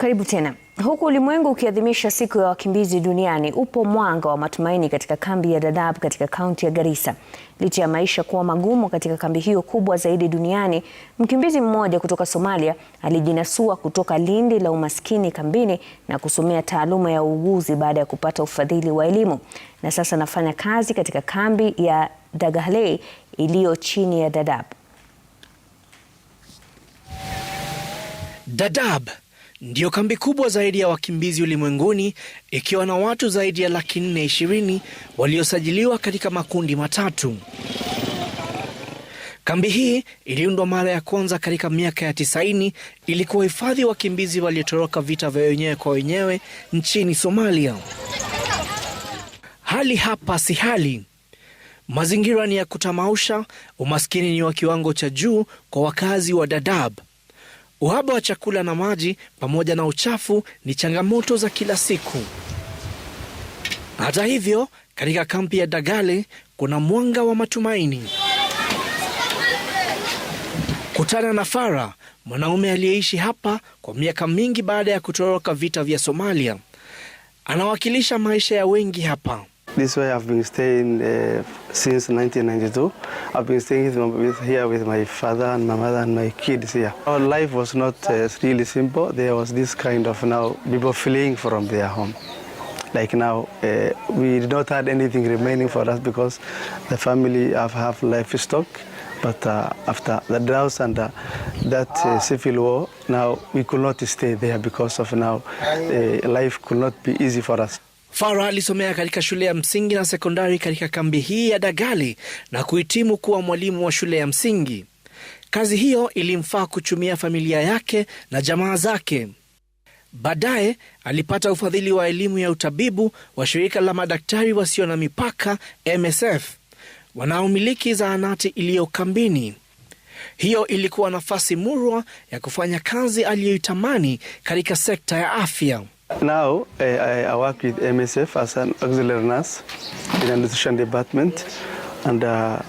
Karibu tena. Huku ulimwengu ukiadhimisha siku ya wakimbizi duniani, upo mwanga wa matumaini katika kambi ya Dadaab katika kaunti ya Garissa. Licha ya maisha kuwa magumu katika kambi hiyo kubwa zaidi duniani, mkimbizi mmoja kutoka Somalia alijinasua kutoka lindi la umaskini kambini na kusomea taaluma ya uuguzi baada ya kupata ufadhili wa elimu, na sasa anafanya kazi katika kambi ya dagahlei iliyo chini ya Dadaab. Dadaab ndiyo kambi kubwa zaidi ya wakimbizi ulimwenguni ikiwa na watu zaidi ya laki nne ishirini waliosajiliwa katika makundi matatu. Kambi hii iliundwa mara ya kwanza katika miaka ya tisaini ili kuwahifadhi wakimbizi waliotoroka vita vya wenyewe kwa wenyewe nchini Somalia. Hali hapa si hali. Mazingira ni ya kutamausha, umaskini ni wa kiwango cha juu kwa wakazi wa Dadaab. Uhaba wa chakula na maji pamoja na uchafu ni changamoto za kila siku. Hata hivyo, katika kambi ya Dagale kuna mwanga wa matumaini. Kutana na fara mwanaume aliyeishi hapa kwa miaka mingi baada ya kutoroka vita vya Somalia. Anawakilisha maisha ya wengi hapa. This way I've been staying uh, since 1992. I've been staying with, here with my father and my mother and my kids here. Our life was not uh, really simple. There was this kind of now people fleeing from their home. Like now, uh, we did not had anything remaining for us because the family have, have livestock. But uh, after the droughts and uh, that uh, civil war, now we could not stay there because of now uh, life could not be easy for us. fara alisomea katika shule ya msingi na sekondari katika kambi hii ya Dagali na kuhitimu kuwa mwalimu wa shule ya msingi. Kazi hiyo ilimfaa kuchumia familia yake na jamaa zake. Baadaye alipata ufadhili wa elimu ya utabibu wa shirika la madaktari wasio na mipaka MSF wanaomiliki zahanati iliyo kambini. Hiyo ilikuwa nafasi murwa ya kufanya kazi aliyoitamani katika sekta ya afya. Now uh, I work with MSF as an auxiliary nurse in the nutrition department and uh,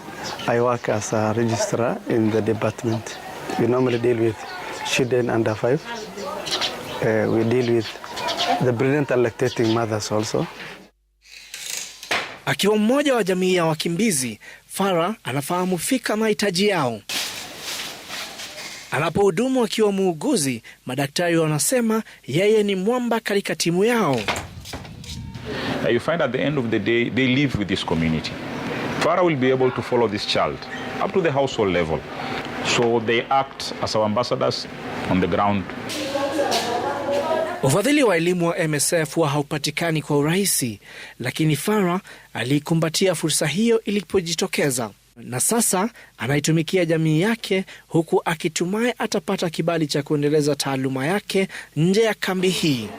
I work as a registrar in the department. We normally deal with children under five. Uh, we deal with the brilliant and lactating mothers also. Akiwa mmoja wa jamii ya wakimbizi, Farah anafahamu fika mahitaji yao anapohudumu akiwa muuguzi, madaktari wanasema yeye ni mwamba katika timu yao. You find at the end of the day they live with this community. Farah will be able to follow this child up to the household level. So they act as our ambassadors on the ground. Ufadhili wa elimu wa MSF huwa haupatikani kwa urahisi, lakini Farah aliikumbatia fursa hiyo ilipojitokeza na sasa anaitumikia jamii yake huku akitumai atapata kibali cha kuendeleza taaluma yake nje ya kambi hii.